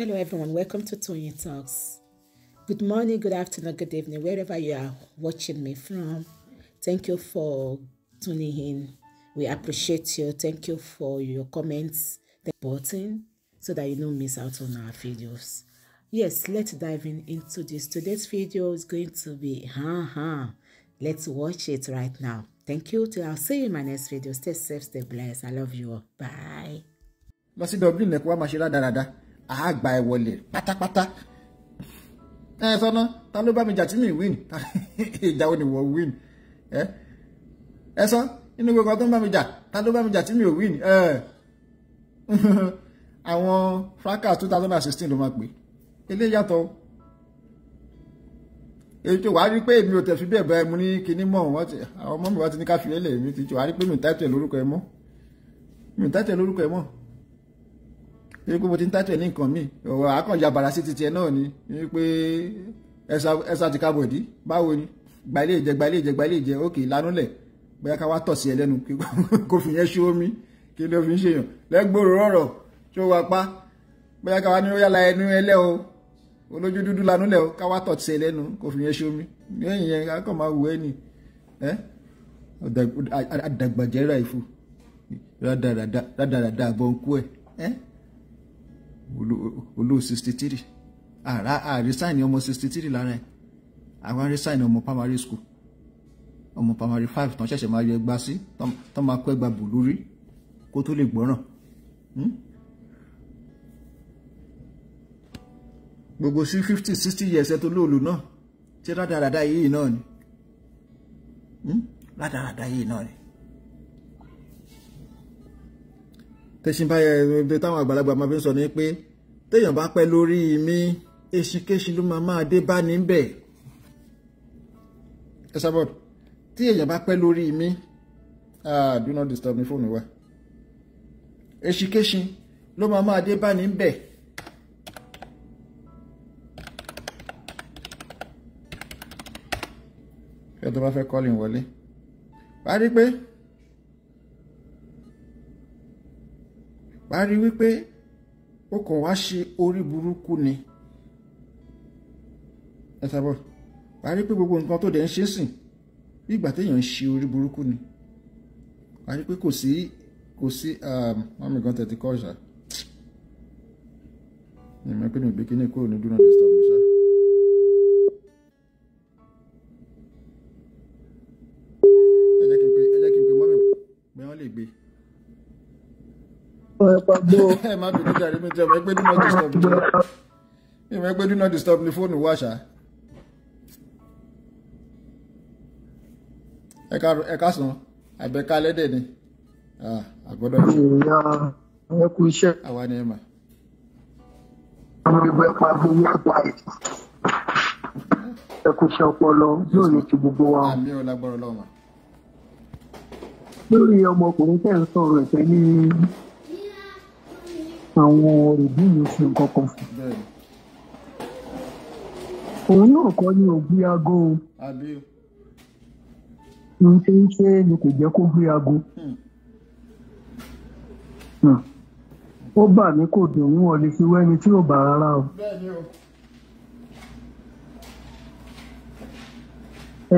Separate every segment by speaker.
Speaker 1: Hello, everyone. Welcome to Toyeen Talks. Good morning, good afternoon, good evening, wherever you are watching me from. Thank you for tuning in. We appreciate you. Thank you for your comments, the button, so that you don't miss out on our videos. Yes, let's dive in into this. Today's video is going to be, huh, huh. Let's watch it right now. Thank you. Till I'll see you in my next video. Stay safe, stay blessed. I love you all. Bye
Speaker 2: àgbà ẹ wọlé pátápátá ẹ sọnà ta ló bá mi jà mi win ìjà wo ni wọ́n win ẹ ẹ sọ inú gbogbo ọdún bá mi jà ta ló bá mi jà mi ò win ẹ àwọn fracas two thousand and sixteen ló máa pè eléyìí yàtọ̀ èyí tó wàá rí pé èmi ò tẹ̀ fi bẹ́ẹ̀ bá ẹmu ní kinní mọ̀ wọ́n ti àwọn ọmọ mi wá ti ní ká fi lélẹ̀ èmi ti jọ wàá rí pé mi ò tẹ́tẹ̀ lórúkọ ẹ mọ́ mi ò tẹ́tẹ̀ lórúkọ ẹ mọ́ ní pé mo ti ń tátù ẹ̀ ní nǹkan mi ọ̀rọ̀ àkànjà bàrà sí titi ẹ̀ náà ni ní pé ẹ̀sà ti ka bọ̀dí báwo ni gba ilé ìjẹ gba ilé ìjẹ gba ilé ìjẹ òkè ìlanúlẹ̀ bóyá ká wá tọ̀ sí ẹ lẹ́nu kó fi yẹn ṣú omi kí ló fi ń ṣèyàn lẹ́gbòrò rọ̀rọ̀ tó wá pa bóyá ká wá ní yàrá ẹnu ẹlẹ́ o olójú dúdú lanúlẹ̀ o ká wá tọ̀ sí ẹ lẹ́nu kó fi yẹn ṣú omi lẹ́yìn yẹn akọ̀ máa wù ẹ́ ni ẹ́ olóò sixty three àrà àrísáìnì ọmọ sixty three lára ẹ̀ àwọn àrísáìnì ọmọ primary school ọmọ primary five tán ṣẹ̀ṣẹ̀ máa yọ ẹgbà sí tán máa kọ́ ẹgbà bù lórí kó tó lè gbọ́ràn. Hmm? gbogbo sí fifty sixty years ẹ tó lóòlù náà ṣé rádaràdá yìí náà ni hmm? rádaràdá yìí náà ni. tẹ̀sìn báyẹ̀ táwọn àgbàlagbà máa fi ń sọ ni pé téèyàn bá pẹ́ lórí mi eṣinkéṣin ló máa máa dé bá ní ẹ sábọ̀ tí èèyàn bá pẹ́ lórí mi do not disturb mi fóònù wa eṣinkéṣin ló máa máa dé bá ní bẹ̀. ẹ tó bá fẹ́ kọ́lìn wọlé wàá rí pé. wàá rí wípé ó kàn wá ṣe orí burúkú ni ẹ sábọ wàá rí pé gbogbo nǹkan tó dẹ̀ ń ṣe sìn bí ìgbà téèyàn ń ṣe orí burúkú ni wàá rí pé kò sí kò sí mọ́mí um, gan tẹ̀ ti kọ́ ìṣá ìmọ̀ pé mi ò gbé kíní kúrò ní dúró ní stop ìṣá.
Speaker 1: ẹ
Speaker 2: má bínú jàre mi tẹ ọmọ ẹgbẹ́ not disturb mi ìmọ̀ not disturb ni fóònù wà ṣá. ẹ ká sàn àbẹ̀ká lẹ́dẹ̀ ni àgbọ̀dọ̀ ah, ni. ẹ kú iṣẹ́. àwa ni ẹ mà. àwọn ẹgbẹ́ pa gbowó ẹ̀pà yìí ẹ kú iṣẹ́ ọpọlọ yóò ní ti gbogbo wa. àmì ò lágbọ́rọ̀ lọ́wọ́.
Speaker 1: lórí ọmọkùnrin tẹ̀ ń sọ̀rọ̀ ẹ̀fẹ́ ní àwọn òbí mi ṣe nǹkan kan fún òun náà kọ́ ni ògbé aago o n ṣe ń ṣe ni kò jẹ́ kó gbé aago hmm. Hmm. ó bà mí kò dùn ún ọ̀lẹ́ fi wẹ́ni tí ò bá rárá o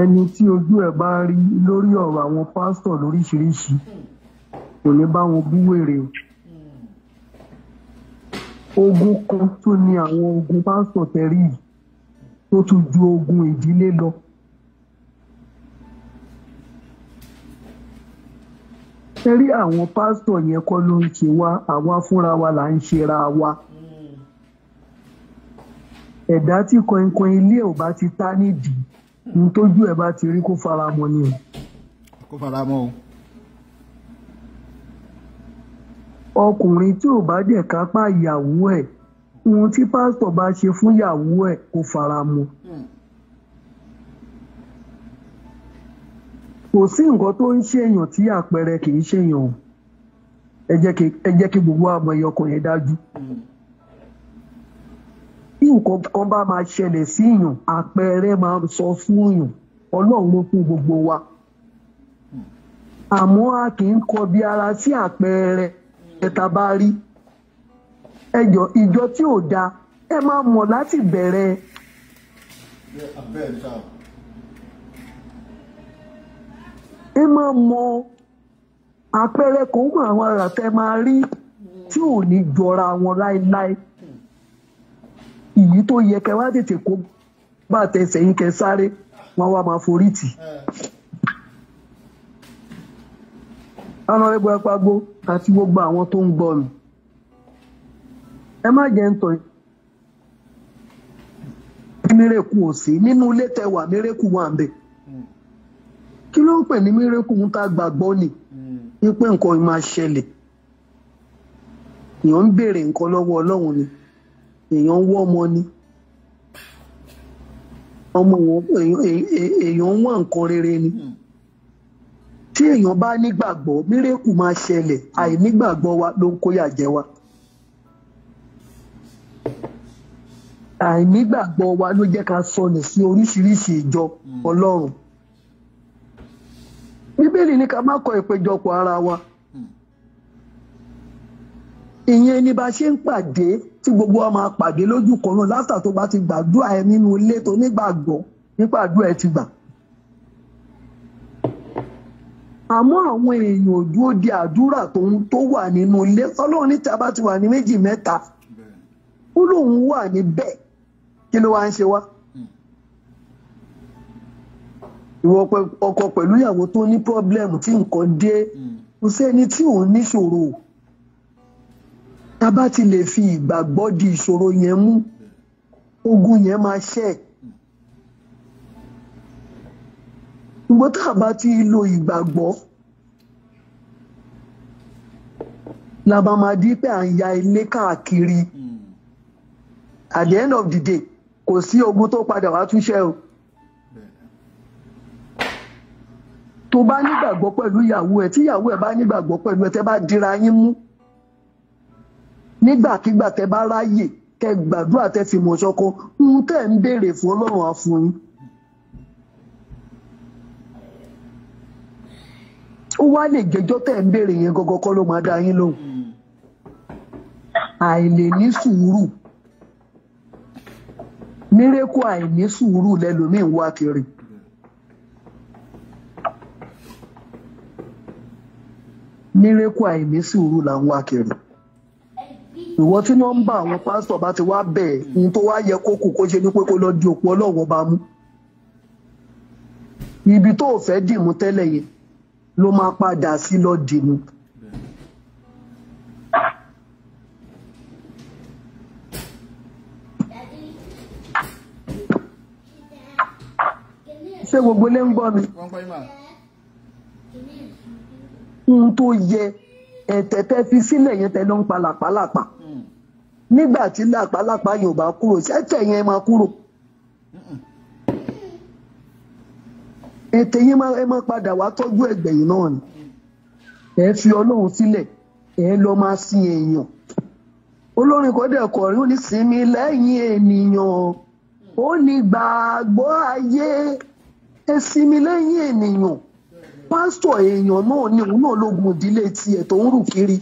Speaker 1: ẹni tí ojú ẹ̀ bá rí lórí ọ̀rọ̀ àwọn pásítọ̀ lóríṣiríṣi kò ní bá wọn bú wèrè o ogun kan tó ní àwọn ogun pásítọ̀ tẹ́rí yìí tó tún ju ogun ìdílé lọ. ẹ rí àwọn pásítọ̀ yẹn kọ́ ló ń ṣe wá àwa fúnra wa là ń ṣera wa. ẹ̀dá tí kọ̀ìnkọ̀ìn ilé ò bá ti ta nídìí ní tójú ẹ̀ bá ti rí kó faramọ́ ni o. kó faramọ́ o. ọkùnrin tí ò bá dé kápá ìyàwó ẹ̀ ohun tí pásítọ̀ bá ṣe fún ìyàwó ẹ̀ kò fara mu. Hmm. kò sí nǹkan tó ń ṣèyàn tí àpẹẹrẹ kì í ṣèyàn ẹ jẹ́ kí gbogbo àmọ́ ẹyọ ọkàn yẹn dájú. bí nǹkan kan bá máa ṣẹlẹ̀ sí èèyàn àpẹẹrẹ máa sọ fún èèyàn ọlọ́run ló fún gbogbo wa. Hmm. àmọ́ a kì í kọbi ara sí àpẹẹrẹ. ẹ̀ta bá rí ẹjọ́ ìjọ tí ò dáa ẹ máa mọ̀ láti bẹ̀rẹ̀. ẹ máa mọ àpẹẹrẹ kan mọ àwọn ará tẹ máa rí tí ò ní jọra wọn láéláé ìyí tó yẹ kẹ wá tètè kó bá tẹsẹ̀ yín kẹ sáré wọn wá máa forí tì. ọ̀nà ẹgbẹ́ pagbo àti gbogbo àwọn tó ń gbọ́ mi ẹ má jẹ́ ń tọ́ mírèkù ò sí nínú ilé tẹwà mírèkù wà ń bẹ kí ló ń pè ní mírèkù ń ta gbàgbọ́ ni hmm. wípé nǹkan máa ṣẹlẹ̀ èèyàn ń béèrè nǹkan lọ́wọ́ ọlọ́run ni èèyàn ń wọ́ ọmọ ni ọmọ èèyàn ń wá nǹkan rere ni. Mm tí èèyàn bá nígbàgbọ́ mírèkù máa ṣẹlẹ̀ àìnígbàgbọ́ wa ló ń kóyà jẹ wa. àìnígbàgbọ́ wa ló jẹ́ ká sọnù sí oríṣiríṣi ìjọ hmm. ọlọ́run. bíbélì ní ká má kọ ìpéjọpọ̀ ara wa. Hmm. ìyẹn ni bá ṣe ń pàdé tí gbogbo wa máa pàdé lójú kan náà látà tó bá ti gbàdúrà ẹ nínú ilé tó nígbàgbọ́ nípàdúrà ẹ ti gbà. Mm. àmọ́ àwọn èèyàn ò dúró di àdúrà tòun tó wà nínú ilé ọlọ́run níta bá ti wà ní méjì mẹ́ta ó lóun wà níbẹ̀ kí ló wá ń ṣe wá. ìwọ ọkọ pẹ̀lú ìyàwó tó ní pọ́blẹ́mù tí nǹkan dé kò sẹ́ni tí òun níṣòro tá a bá ti lè fi ìgbàgbọ́ di ìṣòro yẹn mú ogun yẹn máa ṣẹ́ẹ̀. ṣùgbọ́n tá a bá ti lo ìgbàgbọ́ la bá máa di pé à ń ya ilé káàkiri at the end of the day kò sí ogun tó padà wá túnṣe o tó bá nígbàgbọ́ pẹ̀lú ìyàwó ẹ̀ tí ìyàwó ẹ̀ bá nígbàgbọ́ pẹ̀lú ẹ̀ tẹ́ bá dira yín mú nígbàkigbà tẹ́ bá ráyè kẹ́ gbàdúrà tẹ́ fi mọ̀ ṣọkọ ohun tẹ́ ń béèrè fún Ọlọ́run á yín. ó wá lè jẹjọ́ tẹ̀ ń béèrè yẹn gọ́gọ́ kọ́ ló máa dá yín lóhùn àìlè ní sùúrù mírèkù àìní sùúrù lẹ́lòmíín wá kiri. mírèkù àìní sùúrù là ń wá kiri ìwọ tí àwọn bá ti yẹ kó ṣe ní pé kó lọ di òpó bá mú ibi tó ló máa padà sí lọ dìní. ṣé gbogbo ilé ń gbọ́ mi? ohun tó yẹ ẹ̀tẹ̀ fi sílẹ̀ yẹn tẹ́ ló ń pa làpálàpá hmm. nígbà tí làpálàpá yóò bá kúrò ṣẹ́tẹ̀ yẹn máa kúrò. Mm-mm. Hmm. ètè yín ẹ máa padà wá tọ́jú ẹgbẹ̀yìn náà ni ẹ fi ọlọ́run sílẹ̀ ẹ lọ máa sin èèyàn olórin kọ́dẹ̀ kọ̀rin ó ní sinmi lẹ́yìn ènìyàn ó ní gbàgbọ́ ayé ẹ sinmi lẹ́yìn ènìyàn pásítọ̀ èèyàn náà ni òun náà lógun ìdílé tiẹ̀ tó ń rù kiri.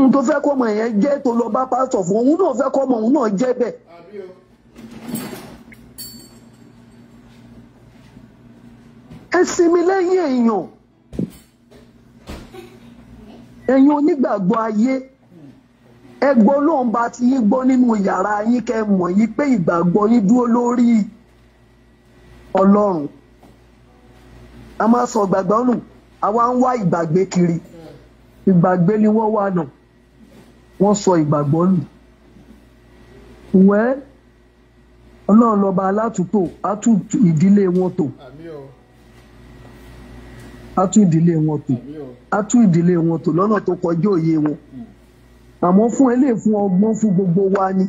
Speaker 1: n tó fẹ́ kọ́ ọmọ yẹn jẹ́ tó lọ bá pásítọ̀ fún òun náà fẹ́ kọ́ ọmọ òun náà jẹ́ bẹ́ẹ̀. ẹ sinmi lẹ́yìn èèyàn ẹ̀yin onígbàgbọ́ ayé ẹ gbọ́ lóun bá ti yín gbọ́ nínú yàrá yín kẹ́ mọ̀ yín pé ìgbàgbọ́ yín dúró lórí ọlọ́run a máa sọ gbàgbọ́ nù àwa ń wá ìgbàgbé kiri ìgbàgbé ni wọ́n wà nà wọ́n sọ ìgbàgbọ́ nù wẹ́ ọlọ́run lọ́ba alátùtò á ìdílé wọn tò á tún ìdílé wọn tò á tún ìdílé wọn tò lọ́nà tó kọjú òye wọn àmọ́ fún eléyìí fún ọgbọ́n fún gbogbo wa ni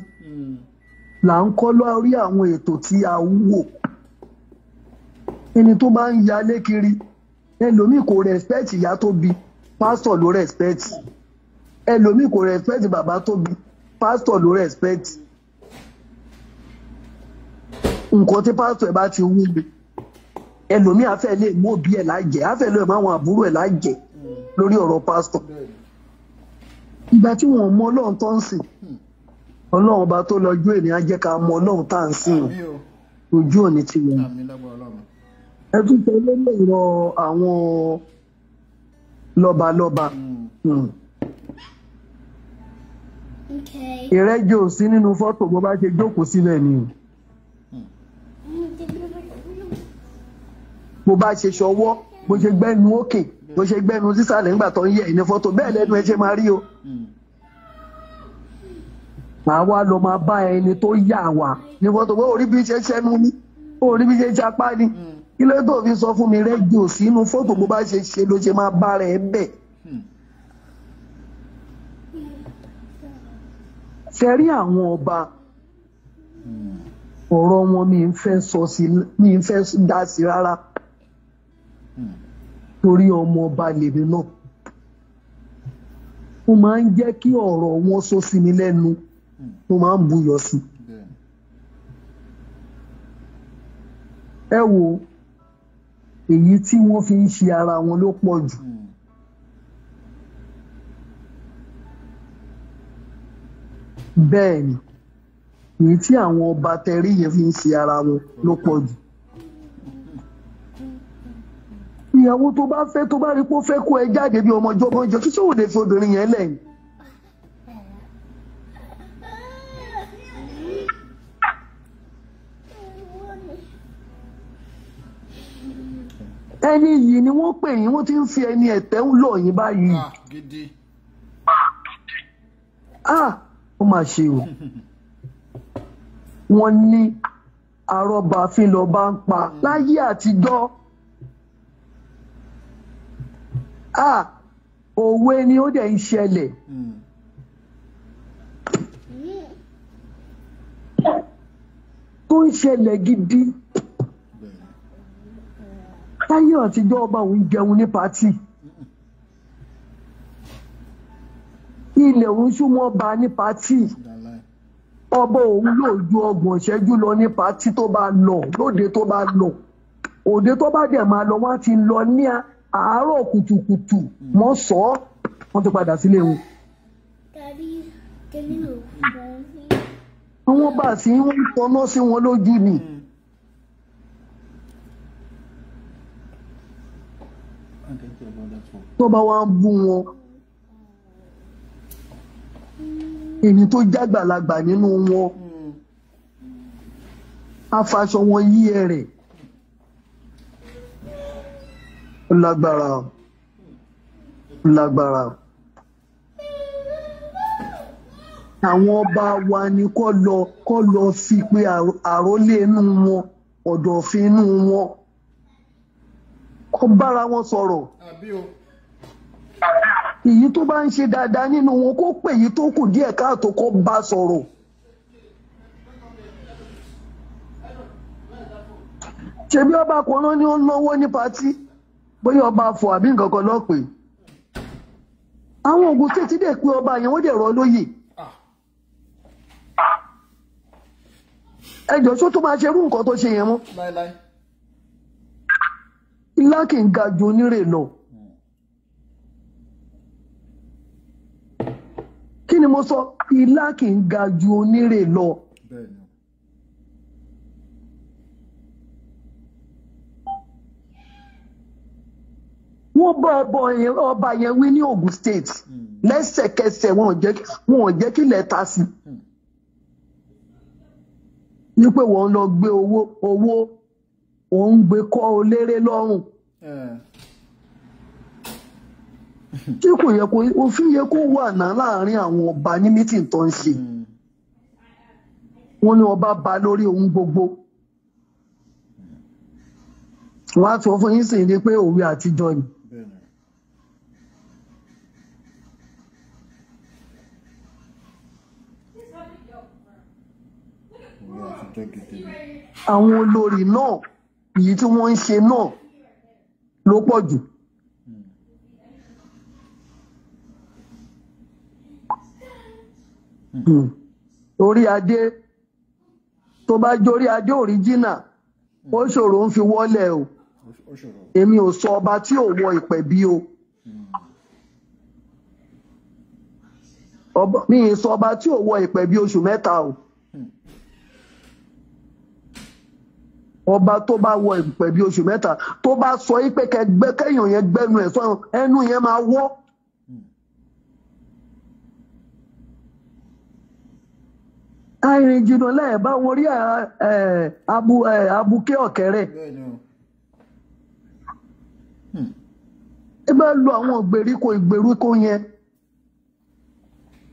Speaker 1: là ń kọ́ lórí àwọn ètò tí a wò ẹni tó bá ń yalé kiri ẹlòmíì kò rẹ́spẹ́tì ìyá tó bí pásítọ̀ ló rẹ́spẹ́tì ẹlòmíì kò rẹ́spẹ́tì bàbá tó bí pásítọ̀ ló rẹ́spẹ́tì nǹkan tí pásítọ̀ ẹ bá ti wú mi ẹlòmíì afẹ́ lè mú òbí ẹ̀ lájẹ̀ afẹ́ lè mú àwọn àbúrò ẹ̀ lájẹ̀ lórí ọ̀rọ̀ pásítọ̀ ìgbà tí wọn mọ Ọlọ́run tó ń sìn Ọlọ́run ọba tó lọ́jọ́ ènìyàn á jẹ́ ká mọ Ọlọ́run tá à ń sìn ojú òní ti wọn ẹ tún sọ lórí ọ̀rọ̀ àwọn lọ́balọ́ba hmm. hmm. ìrẹ́jọ sí nínú fọ́tò bó bá ṣe jókòó sílẹ̀ ni bó bá ṣe ṣọwọ́ bó ṣe gbẹ́nu òkè bó ṣe gbẹ́nu sísàlẹ̀ nígbà tó ń yẹ ìní fọ́tò bẹ́ẹ̀ lẹ́nu ẹ ṣe máa rí o. àwa ló máa bá ẹni tó yà wá ní fọ́tò bó orí bí ṣe ṣẹ́nu ní orí bí ṣe ṣapá ni kí ló tó fi sọ fún mi rẹ́díò sínú fọ́tò bó bá ṣe ṣe ló ṣe máa bá rẹ̀ bẹ́ẹ̀. ṣe rí àwọn ọba ọ̀rọ̀ wọn mi ń fẹ́ sọ sí mi ń fẹ́ dá sí rárá torí ọmọ ọba lèmi náà ó máa ń jẹ́ kí ọ̀rọ̀ wọn sọ sí mi lẹ́nu ó máa ń buyọ̀ sí ẹ wo èyí tí wọ́n fi ń ṣe ara wọn ló pọ̀ jù. bẹ́ẹ̀ ni èyí tí àwọn ọba tẹrí yẹn fi ń ṣe ara wọn ló pọ̀ jù. ìyàwó tó bá fẹ́ tó bá rí pé ó fẹ́ kó ẹ jáde bí ọmọ ìjọba ìjọ kí sóòdè fi obìnrin yẹn lẹ́yìn. ẹni yìí ni wọ́n pè yín wọ́n ti ń fi ẹni ẹ̀tẹ́ ń lọ yín báyìí. ah, ah ó mà ṣe o wọ́n ní àrọ́bà fi lọ́ọ́ bá ń pa láyé àtijọ́. ah òwe ni ó dẹ̀ ń ṣẹlẹ̀. Hmm. tó ń ṣẹlẹ̀ gidi táyé àtijọ́ ọba òun jẹun ní pátì ilẹ̀ òun súnmọ́ ba ní pátì ọba òun yóò ju ọgbọ̀n ìṣẹ́jú lọ ní pátì tó bá lọ lóde tó bá lọ òde tó bá dẹ̀ máa lọ wọ́n á ti lọ ní a àárọ̀ kùtùkùtù wọ́n sọ ọ́ wọ́n ti padà sílé wọn. àwọn bá a sì ń tọ́nà sí wọn lójú ni. tó bá wá ń bú wọn èyí tó jágbàlagbà nínú wọn afaṣọ wọn yí ẹ rẹ̀. Mm. lágbára lágbára àwọn ọba wa ni kó lọ kó lọ fi pé àrólé inú wọn ọ̀dọ̀fin inú wọn kó bára wọn sọ̀rọ̀ èyí tó bá ń ṣe dáadáa nínú wọn kó pè èyí tó kù díẹ̀ káàtó kó bá sọ̀rọ̀. ṣebí ọba kan náà ni ó náwó ní patí. bóyá ọba afọ àbí nǹkan kan lọ́pẹ́ àwọn Ògùn State dẹ̀ pé ọba yẹn wọ́n dẹ̀ rọ lóyè ẹjọ́ só tó máa ṣe irú nǹkan tó ṣe yẹn mọ́ ilá kì í ga ju onírè lọ. kí ni mo sọ ilá kì í ga ju onírè lọ. wọn bọ ọbọ ọba yẹn wí ní Ogun State hmm. lẹsẹkẹsẹ wọn ò jẹ́ kí lẹ́ẹ̀ ta sí i hmm. wípé wọ́n lọ gbé owó owó òun gbé kọ́ oléré lọ́rùn hmm. tí kò yẹ kó òfin yẹ kó wà náà láàrin àwọn ọba ní mítìn tó ń ṣe wọ́n ní ọba ba lórí ohun gbogbo wọn á tún fún yín sì ní pé òwe àtijọ ni. àwọn olórí náà èyí tí wọ́n ń ṣe náà ló pọ̀ jù. Hmm. orí adé tó bá jórí adé òríjìnà hmm. ó ṣòro ń fi wọ́lẹ̀ o èmi ò sọ ọba tí ò wọ bí o hmm. mi ì sọ ọba tí ò wọ oṣù mẹ́ta o. ọba tó bá wọ ìpẹ́ bí oṣù mẹ́ta tó bá sọ yí pé kẹgbẹ́ yẹn gbẹ́nu ẹ̀ sọ ẹnu yẹn máa wọ́. àìrìn jìnnà bá wọn rí abuké ọ̀kẹ́rẹ́ hmm. ẹ máa lo àwọn ìgbèríko ìgbèríko yẹn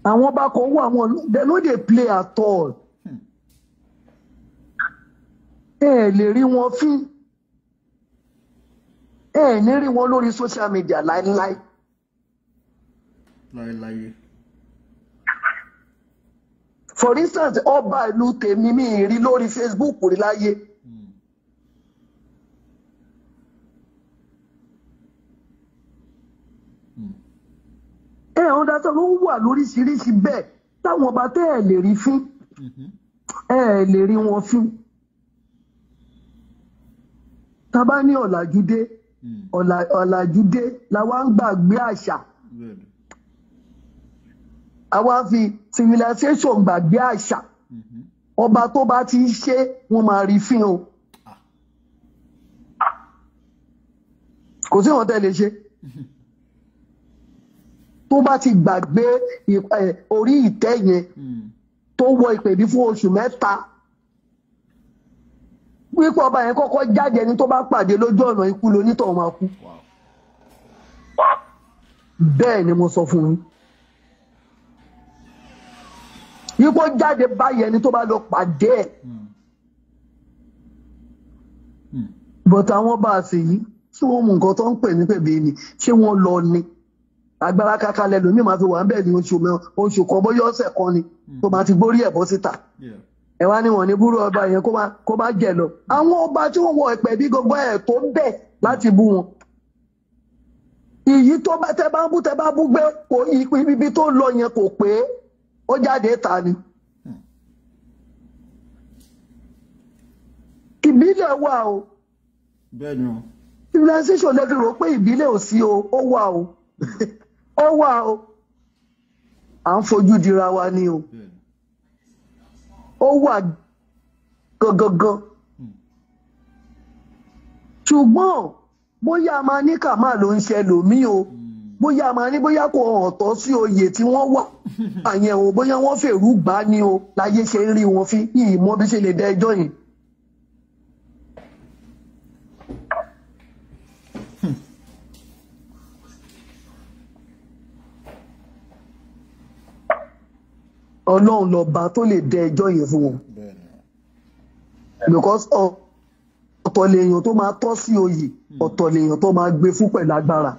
Speaker 1: àwọn ọba kan wọ àwọn they no dey play at all ẹ lè rí wọn fín ẹ ní rí wọn lórí social media láéláé. láéláé. for instance ọba ìlú tèmi mi rí lórí Facebook rí láyé. Hmm. ẹ ọ̀n dáta ló wà lóríṣiríṣi bẹ́ẹ̀ táwọn ọba tẹ́ ẹ lè rí fín hmm. ẹ lè rí wọn fín tá a bá ní ọ̀làjú dé hmm. la wá ń gbàgbé àṣà àwa fi civilization gbàgbé àṣà hmm. ọba tó bá ti ń ṣe wọn máa rí fín o ah. kò sí wọn tẹ́ ṣe hmm. tó bá ti gbàgbé eh, orí ìtẹ́ yẹn tó wọ ìpèbí fún oṣù mẹ́ta pípọ̀ ọba yẹn kọ́kọ́ jáde ẹni tó bá pàdé lójú ọ̀nà ikú lóní tó máa kú bẹ́ẹ̀ ni mo sọ fún yín ipò jáde báyìí ẹni tó bá lọ pàdé ẹ̀ bọ̀tà àwọn bá a sì yí tí wọ́n mú nǹkan tó ń pè ní pèbè ni ṣé wọ́n lọ ni agbára kakalẹ̀ lómi máa fi wà ń bẹ̀ ní oṣù kan bóyá ọ̀sẹ̀ kan ni tó máa ti gbórí ẹ̀ bọ́ síta. Yeah. ẹ ni wọn ní búrú ọba yẹn kó bá jẹ lọ àwọn ọba tí wọ́n gbogbo ẹ̀ tó láti bú wọn ìyí tó bá tẹ bá ń bú tẹ bá bú gbé kò ibi tó lọ yẹn kò pé ó jáde ta ni. ìbílẹ̀ wà o civilization rò pé ìbílẹ̀ ò sí o ó wà o ó ń fojú wa ni o. ó wà gangan ṣùgbọ́n bóyá a máa ní kàmá ló ń ṣe lòmí o bóyá a máa ní bóyá kò hàn tọ́ sí oyè tí wọ́n wà àyẹ̀wò bóyá wọ́n fèrú gbá ni o láyé ṣe ń rí wọn fi yìí mọ́ bí ṣe lè dá ẹjọ́ yìí. ọlọ́run lọ́ba tó lè dẹ ẹjọ́ yẹn fún wọn because ọ̀tọ̀ lèèyàn tó máa tọ́ sí oyè ọ̀tọ̀ lèèyàn tó máa gbé fún pẹ̀lú agbára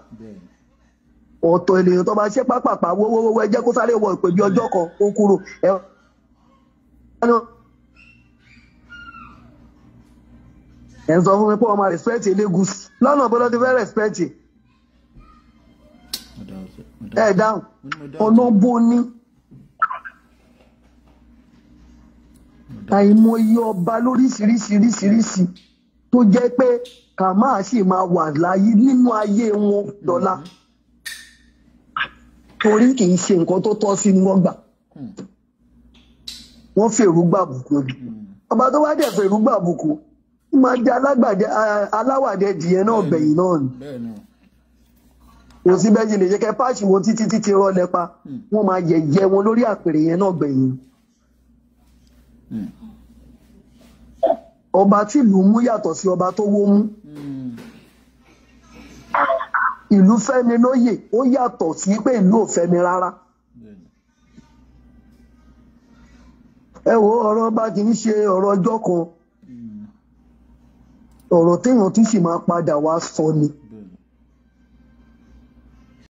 Speaker 1: ọ̀tọ̀ lèèyàn tó máa ṣe pápápá wọ́wọ́wọ́ ẹ jẹ́ kó sáré wọ ìpè bí ọjọ́ kan ó kúrò ẹ ẹ ń sọ fún mi pé wọ́n máa respect Elégùṣì lọ́nà bọ́lá ti fẹ́ respect ẹ̀ dáhùn ọ̀nà bó ní. àìmọye ọba lóríṣiríṣiríṣiríṣi tó jẹ́ pé kà máa sì máa wà láyé nínú ayé wọn dọ́là torí kì í ṣe nǹkan tó tọ́ sí ni wọ́n gbà wọ́n fèrú gbàbùkù ọba tó bá dẹ̀ fèrú gbàbùkù ó máa di aláwàdẹ dìé náà gbẹ̀yìn náà ni kò sí bẹ́ẹ̀ ṣe lè jẹ́ kẹ́ wọn títí títí rọlẹ́ pa wọ́n máa yẹ̀yẹ́ wọn lórí àpèrè yẹn náà gbẹ̀yìn. Hmm. ọba tí ìlú mú yàtọ̀ sí ọba tó wó mú hmm. ìlú fẹ́mi lóyè ó yàtọ̀ sí pé ìlú ò fẹ́mi rárá. Hmm. ẹ wo ọ̀rọ̀ bá kì í ṣe ọ̀rọ̀ ọjọ́ kan ọ̀rọ̀ téèyàn tún sì máa padà wá sọ ni. Mm.